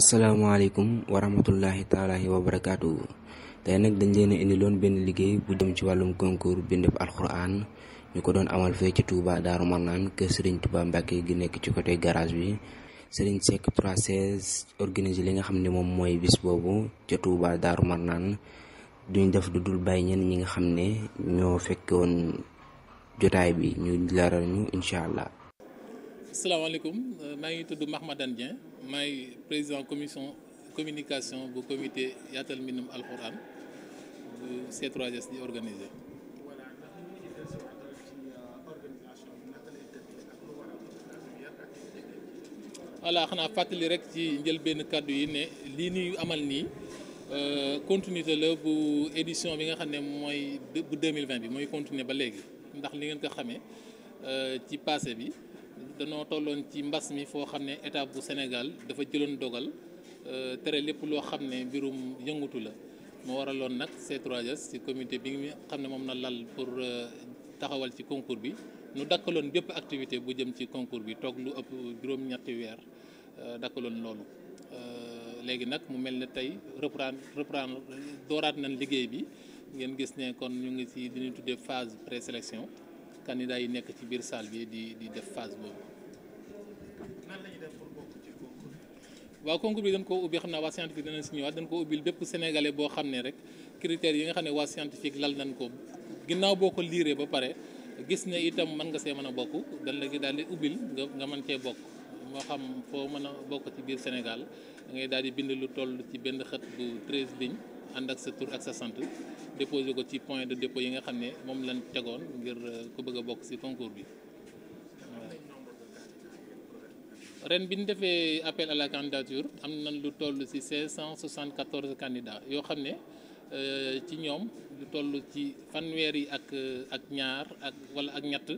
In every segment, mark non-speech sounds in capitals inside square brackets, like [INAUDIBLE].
asalaamaaleykum wa rahmatullahi taala wa barakaatu tey nag dañ leen a indi loon benn liggéey bu jëm ci wàllum concours bindab alxuraan ñu ko doon amal fee ci Touba Daaru Marnaan kër Serigne Touba Mbacke gi nekk ci côté garage bi Serigne Seck 316 organisé li nga xam ne moom mooy bis boobu ca Touba Daaru Marnaan duñ def du dul bàyyi ñenn ñi nga xam ne ñoo fekk woon jotaay bi ñu leeral ñu incha allah. salaamaaleykum euh, maa ngi tudd Mahmadane Dieng maay président commission communication bu comité yaatal mbindum alxuraan bu C3S di organisé. voilà xanaa fàttali rek ci njël benn kàddu yi ne lii ñuy amal nii euh, continuité la bu édition bi nga xam ne mooy bu 2020 bi mooy continuer ba léegi ndax li ngeen ko xamee euh, ci passé bi. danoo tolloon ci mbas mi foo xam ne état bu Sénégal dafa jëloon dogal euh, tere lépp loo xam ne mbirum yëngutu la moo waraloon nag C3S ci comité bi nga xam ne moom na lal pour euh, taxawal ci concours bi nu dakkaloon bépp activité bu jëm ci concours bi toog lu ëpp juróom-ñetti weer euh, dakkaloon loolu léegi nag mu mel ne tey reprendre reprendre dooraat nañ liggéey bi ngeen gis ne kon ñu ngi ci li ñuy tuddee phase présélection candidat yi nekk ci biir salle bi di di def phase boobu waaw concours bi dañ ko ubbi xam naa waa scientifique danañ si ñëwaat dañ koo ubbil bépp sénégalais boo xam ne rek critères yi nga xam ne waa scientifique lal nañ ko ginnaaw boo ko liiree ba pare gis ne itam man nga see mën a bokk dañ la daal di ubbil nga nga mën cee bokk moo xam foo mën a bokk ci biir Sénégal da ngay daal di bind lu toll ci benn xët bu 13 lignes ànd ak sa tur ak sa sant déposé ko ci point de dépôt yi nga xam ne moom lañ tegoon ngir ko bëgg a bokk si concours bi. ren bi ñu defee appel à la candidature am nañ lu toll ci 1674 candidats yoo xam ne euh, ci ñoom lu toll ci fanweer yi ak euh, ak ñaar ak walla ak ñett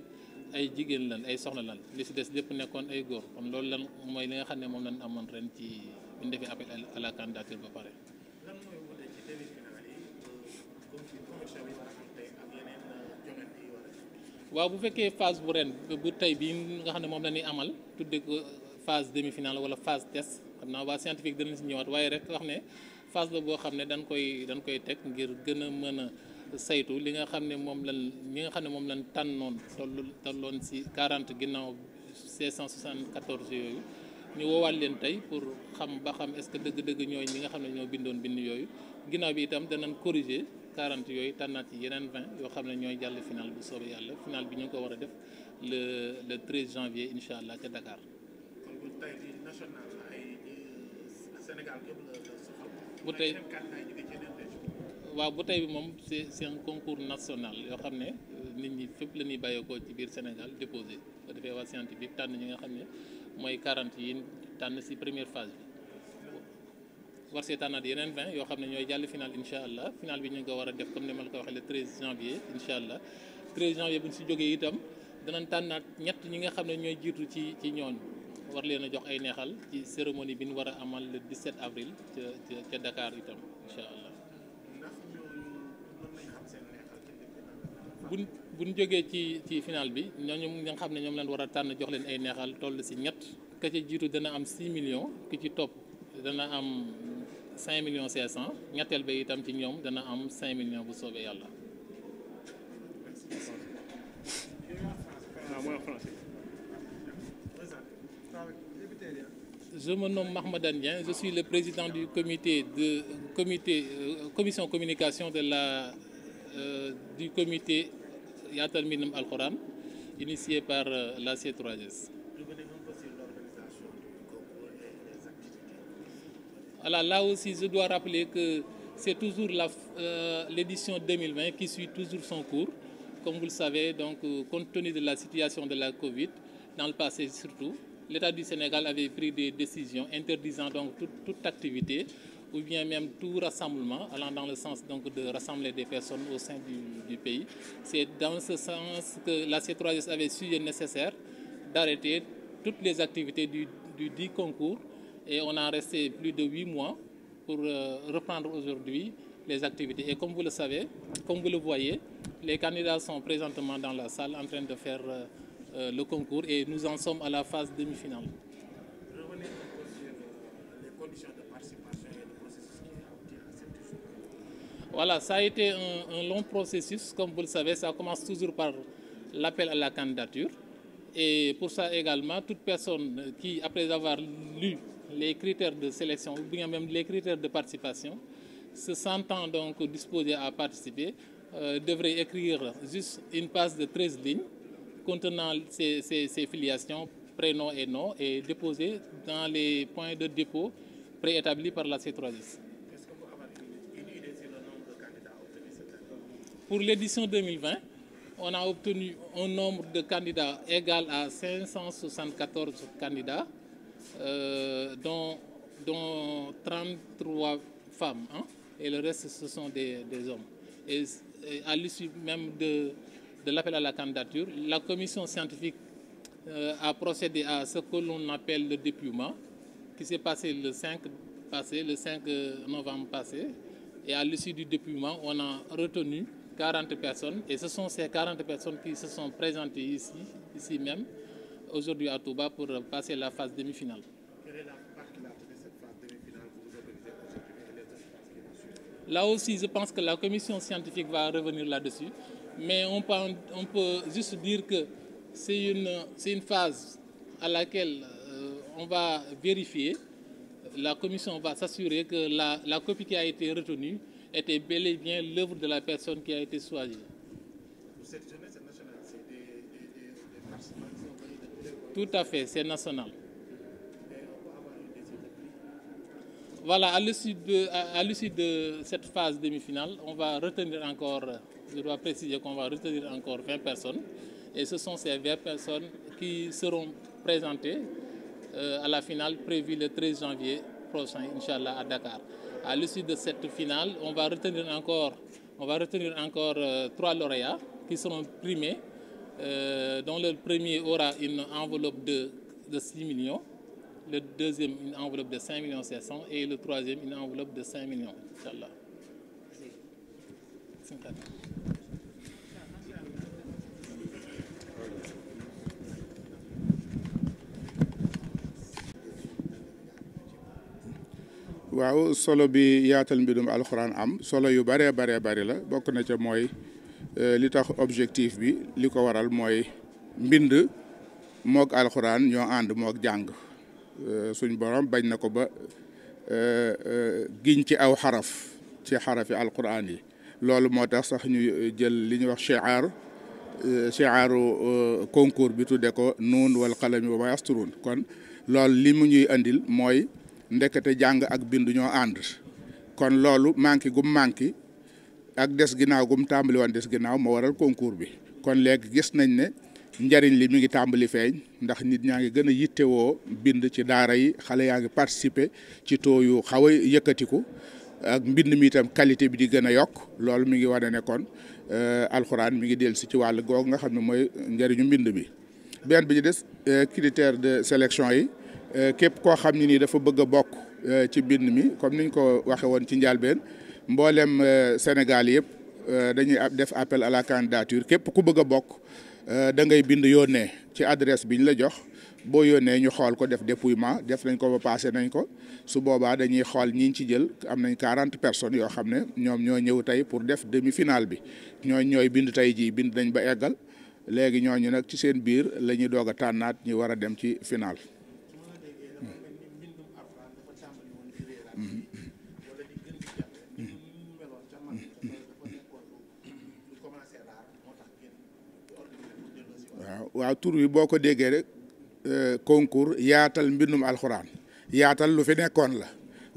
ay jigéen lan ay soxna lan li si des lépp nekkoon ay góor kon loolu lan mooy li nga xam ne moom lañ amoon ren ci bi ñu defee appel à candidature ba pare. Euh, waaw bu fekkee phase bu ren bu tey bii nga xam ne moom la ñuy amal tudde ko phase demi-finale wala phase test xam naa waa scientifique danañ si ñëwaat waaye rek wax ne phase la boo xam ne dañ koy dañ koy teg ngir gën a mën a saytu li nga xam ne moom lan ñi nga xam ne moom lan tànnoon tollu tolloon si 40 ginnaaw 674 yooyu ñu woowaat leen tey pour xam ba xam est-ce que dëgg-dëgg ñooy ñi nga xam ne ñoo bindoon bind yooyu ginnaw bi itam danañ corriger 40 yooyu tànnaat yi yeneen yoo xam ne ñooy jàll final bu soobee yàlla final bi ñu ngi ko war a def le le 13 janvier incha allah ca Dakar. bu tey waaw bu tey bi moom c'est c'est un concours national yoo xam ne euh, nit ñi fépp la ñuy bàyyeekoo ci biir Sénégal déposé ba defee waa scientifique tànn ñi nga xam ne mooy 40 yi tànn si première phase bi. war see tànnaat yeneen 20 yoo xam ne ñooy jàll final incha allah final bi ñu ngi ko war a def comme ni ko waxee le 13 janvier incha allah 13 janvier bu ñu si jógee itam danañ tànnaat ñett ñi nga xam ne ñooy jiitu ci ci ñooñu. war leen a jox ay neexal ci cérémonie bi ñu war a amal le 17 avril ca ca ca Dakar itam incha allah. buñ buñ jógee ci ci final bi ñooñu nga xam ne ñoom leen war a tànn jox leen ay neexal toll si ñett ka ca jiitu dana am 6 millions ki ci topp dana am million millions 500 ñetteel ba itam ci ñoom dana am 5 million bu soobee yàlla. je me nomme Mahmoud Andien, je suis le président du comité de euh, commission communication de la, euh, du comité Yatal Minam Al Quran, initié par euh, la C3S. Alors là aussi, je dois rappeler que c'est toujours euh, l'édition 2020 qui suit toujours son cours. Comme vous le savez, donc, euh, compte de la situation de la COVID, dans le passé surtout, l'État du Sénégal avait pris des décisions interdisant donc toute, toute activité ou bien même tout rassemblement allant dans le sens donc de rassembler des personnes au sein du, du pays. C'est dans ce sens que la C3S avait su nécessaire d'arrêter toutes les activités du, du dit concours et on a resté plus de huit mois pour euh, reprendre aujourd'hui les activités. Et comme vous le savez, comme vous le voyez, les candidats sont présentement dans la salle en de faire euh, Euh, le concours et nous en sommes à la phase demi-finale. Euh, voilà, un, un, long processus. Comme vous le savez, ça commence toujours par l'appel à la candidature. Et pour ça également, toute personne qui, après avoir lu les critères de sélection ou bien même les critères de participation, se sentant donc disposé à participer, euh, devrait écrire une passe de 13 lignes contenant ces, ces, ces filiations, prénoms et noms, et déposées dans les points de dépôt préétablis par la C3S. Pour l'édition 2020, on a un nombre de candidats égal à 574 candidats, euh, dont, dont, 33 femmes, hein, et le reste ce sont des, des hommes. Et, et à l'issue même de, de l'appel à la candidature, la commission scientifique euh, a procédé à ce que l'on appelle le dépouillement, qui s'est passé le 5 passé, le 5 euh, novembre passé. Et à l'issue du dépouillement, on a retenu 40 personnes. Et ce sont ces 40 personnes qui se sont présentées ici, ici même, aujourd'hui à Touba, pour passer la phase demi-finale. Quelle la de cette Là aussi, je pense que la commission scientifique va revenir là-dessus. mais on peut, on peut dire que c'est une, phase à laquelle euh, on va vérifier. La commission va s'assurer que la, la copie qui a été retenue était bel et bien l'œuvre de la personne qui a été soignée. Tout à fait, c'est national. Voilà, à l'issue à, à l'issue de cette phase demi-finale, on va retenir encore je dois préciser qu'on va retenir encore 20 personnes. Et ce sont ces 20 personnes qui seront présentées euh, à la finale prévue le 13 janvier prochain, Inch'Allah, à Dakar. À l'issue de cette finale, on va retenir encore, on va retenir encore euh, trois lauréats qui seront primés, euh, le premier aura une enveloppe de, de 6 millions le deuxième une enveloppe de 5 millions 700 et le troisième une enveloppe de 5 millions. Inch'Allah. waaw solo bi yaatal mbindum alxuraan am solo yu baree baree bari la bokk na ca mooy euh, li tax objectif bi li ko waral mooy mbind moog alxuraan ñoo ànd mook jàng euh, suñ borom bañ na ko ba euh, giñ ci aw xaraf ci xarafi alxuraan yi loolu moo tax sax ñuy jël li ñuy wax shiar shiaru concours bi tudde ko nuun wal qalami wa ma yasturun kon lool li mu ñuy andil mooy ndekete jàng ak bind ñoo ànd kon loolu manqué gum manqué ak des ginnaaw gum tàmbali wan des ginnaaw moo waral concours bi kon léegi gis nañ ne njariñ li mi ngi tàmbali feeñ ndax nit ñaa ngi gën a yittewoo bind ci daara yi xale yaa ngi participer ci taux yu xaw a yëkkatiku ak mbind mi itam qualité bi di gën a yokk loolu mi ngi wane ne kon euh, alxuraan mi ngi dellu si ci wàll googu nga xam ne mooy njariñu mbind bi benn bi ci des euh, critère de sélection yi Euh, képp koo xam ne nii dafa bëgg a bokk euh, ci bind mi comme niñ ko waxe woon ci njàlbeen mboolem euh, Sénégal yëpp dañuy def appel à la candidature képp ku bëgg a bokk da ngay bind yónnee ci adresse biñ la jox boo yónnee ñu xool ko def dépouillement def nañ ko ba passé nañ ko su boobaa dañuy xool ñi ci jël am nañ quarante personnes yoo xam ne ñoom ñoo ñëw tey pour def demi-finale bi ñooñ ñooy bind tey jii bind nañ ba eggal léegi ñooñu nag ci seen biir la ñuy doog a tànnaat ñi war a dem ci finale. waaw tur wi boo ko déggee rek euh, concours yaatal mbindum alxuraan yaatal lu fi nekkoon la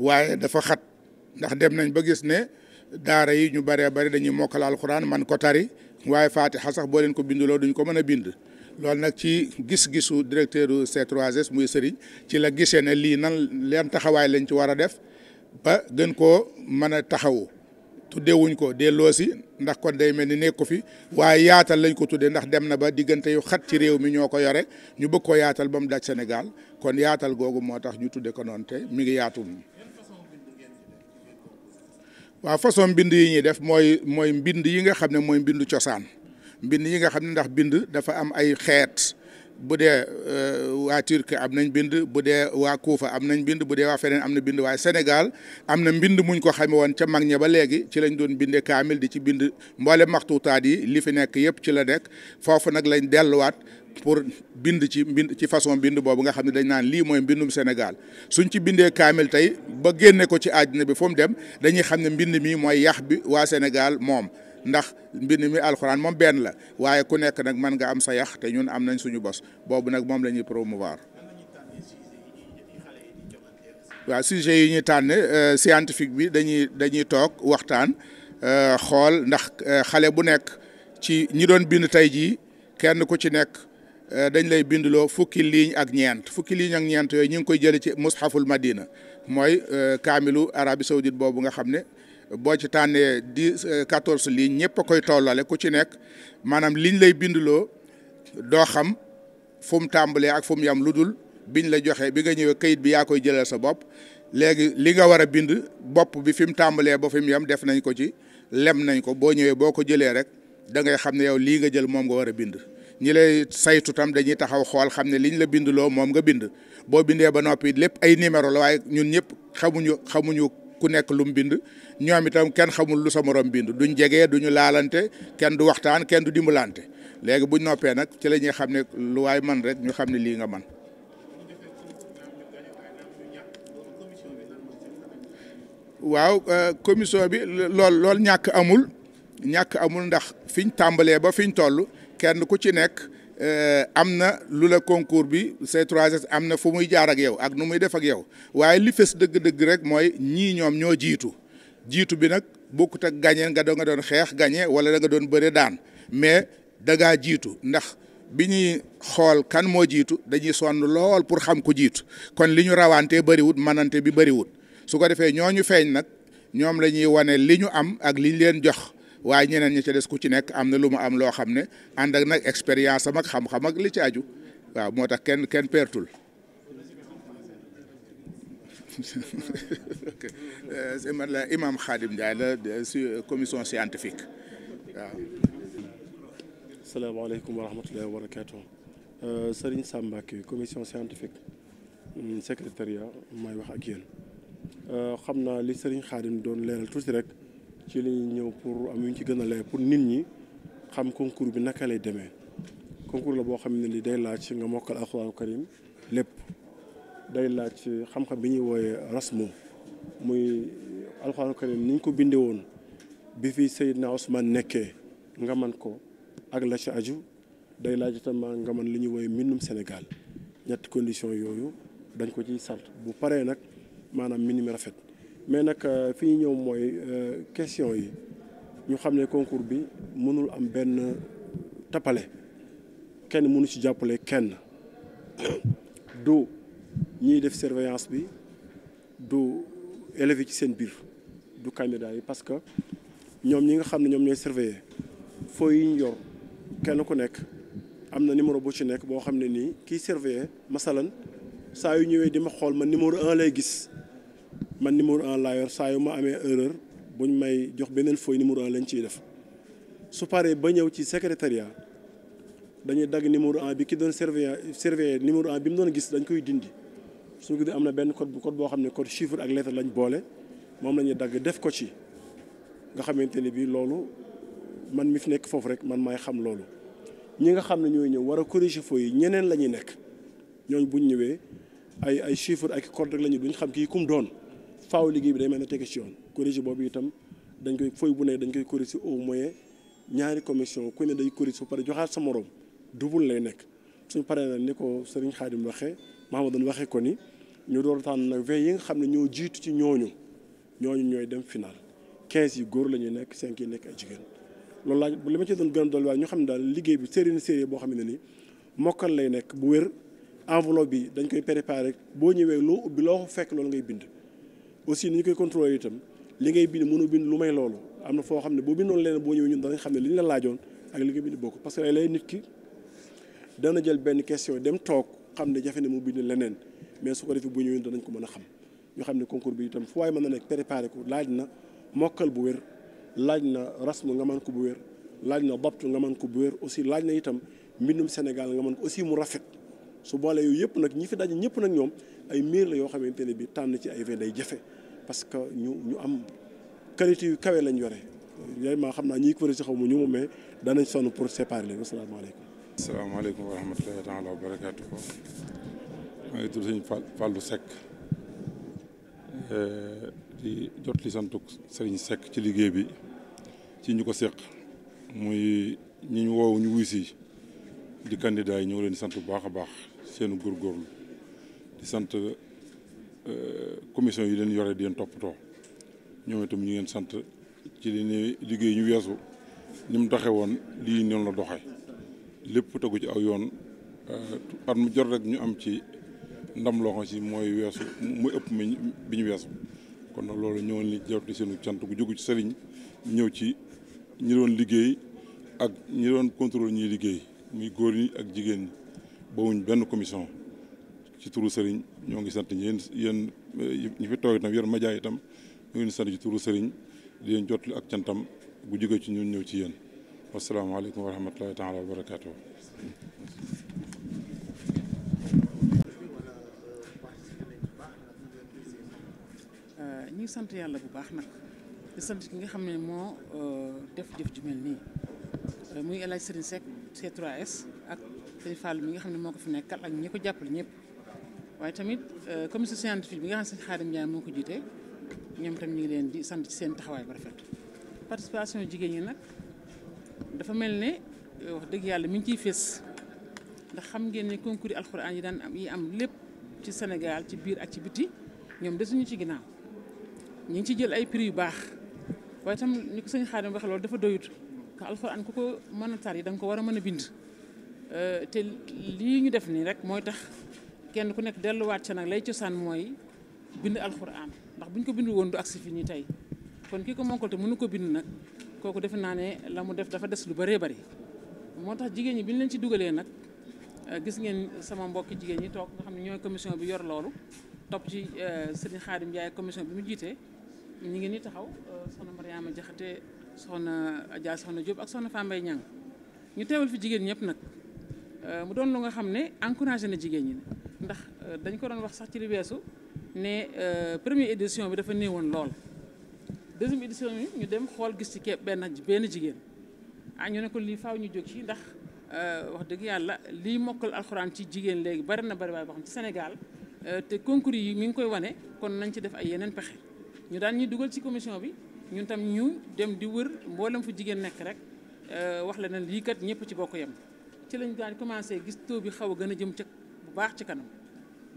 waaye dafa xat ndax dem nañ ba gis ne daara yi ñu bëree bëri dañuy mokkal alxuraan man ko tari waaye faatixa sax boo leen ko binduloo duñ ko mën a bind loolu nag ci gis-gisu directeur C3S muy Serigne ci la gisee ne lii nan leen taxawaay lañ ci war a def ba gën koo mën a taxawu tuddeewuñ ko delloo si ndax kon day mel ni nekku fi waaye yaatal lañ ko tuddee ndax dem na ba diggante yu xat ci réew mi ñoo ko yore ñu bëgg ko yaatal ba mu daj Sénégal kon yaatal googu moo tax ñu tudde ko noonu te mi ngi yaatu waaw façon mbind yi ñuy def mooy mooy mbind yi nga xam ne mooy mbindu cosaan mbind yi nga xam ne ndax bind dafa am ay xeet bu dee euh, waa Turquie am nañ bind bu dee waa Kuufa am nañ bind bu dee waa feneen am na bind waaye Sénégal am na mbind muñ ko xame woon ca mag ña ba léegi ci lañ doon bindee kaamil di ci bind mboole maxtuutaat yi li fi nekk yëpp ci la nekk foofu nag lañ delluwaat pour bind ci mbind ci façon bind boobu nga xam ne dañ naan lii mooy mbindum Sénégal suñ ci bindee kaamil tey ba génne ko ci àddina bi fu mu dem dañuy xam ne mbind mi mooy yax bi waa Sénégal moom ndax mbind mi alxuraan moom benn la waaye ku nekk nag mën nga am sa yax te ñun am nañ suñu bos boobu nag moom la ñuy promouvoir waaw sujet yi ñuy tànn euh, scientifique bi dañuy dañuy toog waxtaan euh, xool ndax euh, xale bu nekk ci ñi doon bind tey jii kenn ku ci nekk dañ lay bindloo fukki liiñ ak ñeent fukki ligne ak ñeent yooyu ñu ngi koy jëlee ci mushaful madina mooy kamilu Arabie Saoudite boobu nga xam ne boo ci tànnee di euh, quatorze lii ñëpp a koy tollale ku ci nekk maanaam liñ lay bindloo doo xam fu mu tàmbalee ak fu yam lu dul biñ la joxee bi nga ñëwee kayit bi yaa koy jëlal sa bopp léegi li nga war a bind bopp bi fi mu tàmbalee ba fi mu yam def nañ ko ci lem nañ ko boo ñëwee boo ko jëlee rek da ngay xam ne yow lii nga jël moom nga war a bind ñi lay saytu tam dañuy taxaw xool xam ne liñ la bindloo moom nga bind boo bindee ba noppi lépp ay numéro la waaye ñun ñëpp xamuñu xamuñu ku nekk lu mu bind ñoom itam kenn xamul lu sa morom bind duñ du ñu laalante kenn du waxtaan kenn du dimbalante léegi buñ noppee nag ci la ñuy xam ne lu waay man rek ñu xam ne lii nga man waaw euh, commission bi lool lool ñàkk amul ñàkk amul ndax fiñ tàmbalee ba fiñ toll kenn ku ci nekk Euh, am na lu la concours bi C3S am na fu muy jaar ak yow ak nu muy def ak yow waaye li fës dëgg-dëgg rek mooy ñii ñoom ñoo jiitu jiitu bi nag bokkut ak gagné nga doon nga doon xeex gagné wala danga doon bëre daan mais da jiitu ndax bi ñuy xool kan moo jiitu dañuy sonn lool pour xam ku jiitu kon li ñu rawantee bëriwut manante bi bëriwut su ko defee ñooñu feeñ nag ñoom la ñuy wane li ñu am ak liñ leen jox. waaye ñeneen ñi ca des ku ci nekk am na lu ma am loo xam ne ànd ak nag expérience am ak xam-xam ak li ci aju waaw moo tax kenn kenn pertul man [LAUGHS] euh, la imam Khadim Ndiaye la si commission scientifique waaw. salaamaaleykum wa rahmatullahi wa barakaatu euh, Serigne Samba Mbacké commission scientifique hmm, secrétariat may wax ak yéen euh, xam naa li Serigne Khadim doon leeral tuuti rek. ci li ñuy ñëw pour am ñu ci gën a leer pour nit ñi xam concours bi naka lay demee concours la boo xam ne li day laaj nga mokkal alxuraanu karim lépp day laaj xam-xam bi ñuy wooyee rasmu muy alxuraanu karim ni ñu ko bindee woon bi fi Seydina Ousmane nekkee nga man ko ak la ci aju day laaj itam nga man li ñuy wooyee mbindum Sénégal ñett condition yooyu dañ ko ciy sant bu paree nag maanaam mbind rafet mais nag euh, fi ñu ñëw mooy euh, question yi ñu xam ne concours bi mënul am benn tappale kenn mënu ci jàppale kenn du ñiy def surveillance bi du élèves ci seen biir du candidat yi parce que ñoom ñi nga xam ne ñoom ñooy surveiller foo yi ñu yor kenn ku nekk am na numéro boo ci nekk boo xam ne nii kiy surveiller masalan saa yu ñëwee di ma xool ma numéro un lay gis man numéro en laa yor saa yu ma amee erreur buñ may jox beneen fooy numéro un lañ ciy def su paree ba ñëw ci secrétariat dañuy dagg numéro en bi ki doon surveiller surveiller numéro un bi mu doon gis dañ koy dindi suñu gisee am na benn code bu code boo xam ne code chiffre ak lettre lañ boole moom la ñuy dagg def ko ci nga xamante ne bii loolu man mi fi nekk foofu rek man maay xam loolu ñi nga xam ne ñooy ñëw war a corriger fooy yi ñeneen la ñuy nekk ñooñu buñ ñëwee ay ay chiffre ak code rek la ñu duñ xam kii kum doon. faaw liggéey bi day mel ne teg ci yoon corrigé itam dañ koy fooy bu ne dañ koy corrigé au moyen ñaari commission ku ne day corrigé ba pare joxaat sa morom double lay nekk suñ paree na ni ko Serigne Khadim waxee Mahamadan waxee ko ni ñu door tànn nag vingt yi xam ne ñoo jiitu ci ñooñu ñooñu ñooy dem final quinze yi góor la ñuy nekk cinq nekk ay jigéen loolu li ma ci doon gën a dolli waaye xam ne daal liggéey bi série série boo xam ne ni mokkal lay nekk bu wér enveloppe bi dañ koy préparé boo ñëwee loo ubbi loo fekk loolu ngay bind aussi ni ñu koy contrôler itam li ngay bind mënu bind lu may loolu am na foo xam ne boo bindoon leneen boo ñëwee ñun danañ xam ne li ñu la laajoon ak li nga bind bokk parce que ay lay nit ki dana jël benn question dem toog xam ne jafe ne mu bind leneen mais su ko defee bu ñëwee danañ ko mën a xam ñu xam ne concours bi itam fu waay mën a nekk préparé ko laaj na mokkal bu wér laaj na rasmu nga man ko bu wér laaj na baptu nga mën ko bu wér aussi laaj na itam mbindum Sénégal nga mën aussi mu rafet su boole yooyu yëpp nag ñi fi daje ñëpp nag ñoom ay miir la yoo xamante ne bi tànn ci ay vin day jafe parce que ñu ñu am qualité yu kawe lañ yore vraiment xam naa ñiy ko si xaw ma ñu mu mais danañ sonn pour séparer leen asalaamaaleykum. asalaamaaleykum wa rahmatulahi taala wa barakaatu ko maa ngi tudd sekk Fallou Seck eh, di jot li santuk Serigne Seck ci liggéey bi ci ñu ko seq muy ñi ñu woowu ñu wuy si di candidat yi ñoo leen sant bu baax a baax. seenu góorgóorlu di sant euh, commission yi leen yore di leen toppatoo ñoom itam ñu ngeen sant ci li ñuy liggéey ñu weesu ni mu doxee woon lii noonu la doxee lépp tegu ci aw yoon euh, at mu jot rek ñu am ci ndam loo xam si mooy weesu muy ëpp mi bi ñu weesu kon nag loolu ñoo ni jot seenu cant gu jógu ci sëriñ ñëw ci ñi doon liggéey ak ñi doon contrôle ñuy liggéey muy góor ñi ak jigéen ñi bowuñ benn commission ci turu sëriñ ñoo ngi sant yéen yéen eh, ñi fi toog itam yor média itam ñoo ngi sant ci turu sëriñ di jot jotli ak cantam bu jóge ci ñu ñëw ci yéen wasalaamaaleykum wa rahmatulahi taala wa barakaatu. Euh, ñu sant yàlla bu baax nag di sant ki nga xam ne moo euh, def jëf ju mel nii euh, muy El Hadj Serigne Seck c sëñ Fall mi nga xam ne moo ko fi nekkal ak ñi ko jàppale ñëpp waaye tamit euh, commission scientifique bi nga xam ne sëñ Xaadim Ndiaye moo ko jiite ñoom tam ñu ngi leen di sant ci seen taxawaay bu rafet participation jigéen ñi nag dafa mel ne euh, wax dëgg yàlla mu ngi ciy fés ndax xam ngeen ni concours yi alxuraan yi daan am yi am lépp ci Sénégal ci biir ak ci biti ñoom desuñu ci ginnaaw ñu ngi ci jël ay prix yu baax waaye tam ni ko sëñ Xaadim waxee loolu dafa doyut ndax alxuraan ko mën a tar yi da ko war a mën a bind Euh, te lii ñu def nii rek mooy tax kenn ku nekk delluwaat ca nag lay cosaan mooy bind alxuraan ndax bu ñu ko bind woon du agsi fi nii tey kon kii ko mokkal te nu ko bind nag kooku defe naa ne la mu def dafa des lu bëree bëri moo tax jigéen ñi bi ñu leen ci dugalee nag euh, gis ngeen sama mbokki jigéen ñi toog nga xam ne ñooy commission bi yor loolu topp ci euh, Serigne Khadim Ndiaye commission bi mu jiitee ñu ngeen ni taxaw soxna Mariama Jaxate soxna Adja soxna Diop ak soxna Fambaye Niang ñu teewal fi jigéen ñëpp nag Euh, mu doon lu nga xam ne encouragé na jigéen ñi ndax euh, dañ ko doon wax sax ci li weesu ne euh, première édition bi dafa néewoon lool deuxième édition bi ñu dem xool gis ci képp benn benn jigéen ah ñu ne ko lii faw ñu jóg ci ndax wax dëgg yàlla lii mokkal alxuraan ci jigéen léegi bari na bari waaye boo xam ci Sénégal te concours yi mi ngi koy wane kon nañ ci def ay yeneen pexe ñu daan ñuy dugal ci commission bi ñun tam ñu dem di wër mboolem fu jigéen nekk rek wax la ne lii ñëpp ci bokk yem. ci lañ daan commencé gis taux bi xaw a gën a jëm ca bu baax ci kanam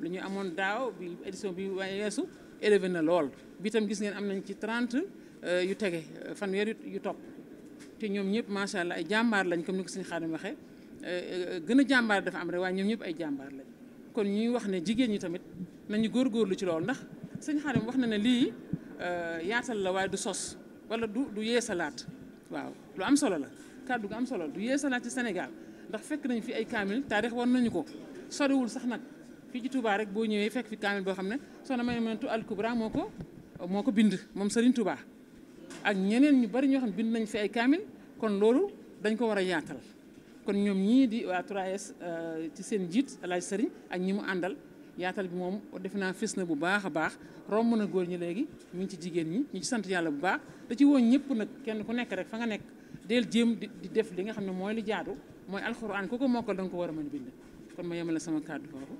lu ñu amoon daaw bi édition bi waaye weesu élevé na lool bi tam gis ngeen am nañ ci 30 euh, yu tege euh, fanweer yu topp te ñoom ñëpp macha allah ay jàmbaar lañ comme ni ko suñu xaadim waxee euh, gën a jàmbaar dafa am rek waaye ñoom ñëpp ay jàmbaar lañ kon ñuy wax ne jigéen ñi tamit nañu lu ci loolu ndax suñu xaadim wax na ne lii yaatal la waaye du sos wala du du yeesalaat waaw lu am solo la kàddu gu am solo du salaat ci Sénégal ndax fekk nañ fi ay kaamil taarix war nañu ko soriwul sax nag fii ci Touba rek boo ñëwee fekk fi kaamil boo xam ne soxna may mënatu alkubra moo ko moo ko bind moom Serigne Touba ak ñeneen ñu bari ñoo xam ne bind nañ fi ay kaamil kon loolu dañ ko war a yaatal kon ñoom ñii di waa 3S euh, seen jiit El Hadj ak ñi mu àndal yaatal bi moom def naa fës na bu baax a baax romb na góor ñi léegi ñu ngi ci jigéen ñi ñu ci sant yàlla bu baax da ci wooñ ñëpp nag kenn ku nekk rek fa nga nekk del jéem di def li nga xam ne mooy li jaadu. mooy alxuraan ku ko mokkal da ko war a mën a bind kon ma yemale sama kàddu foofu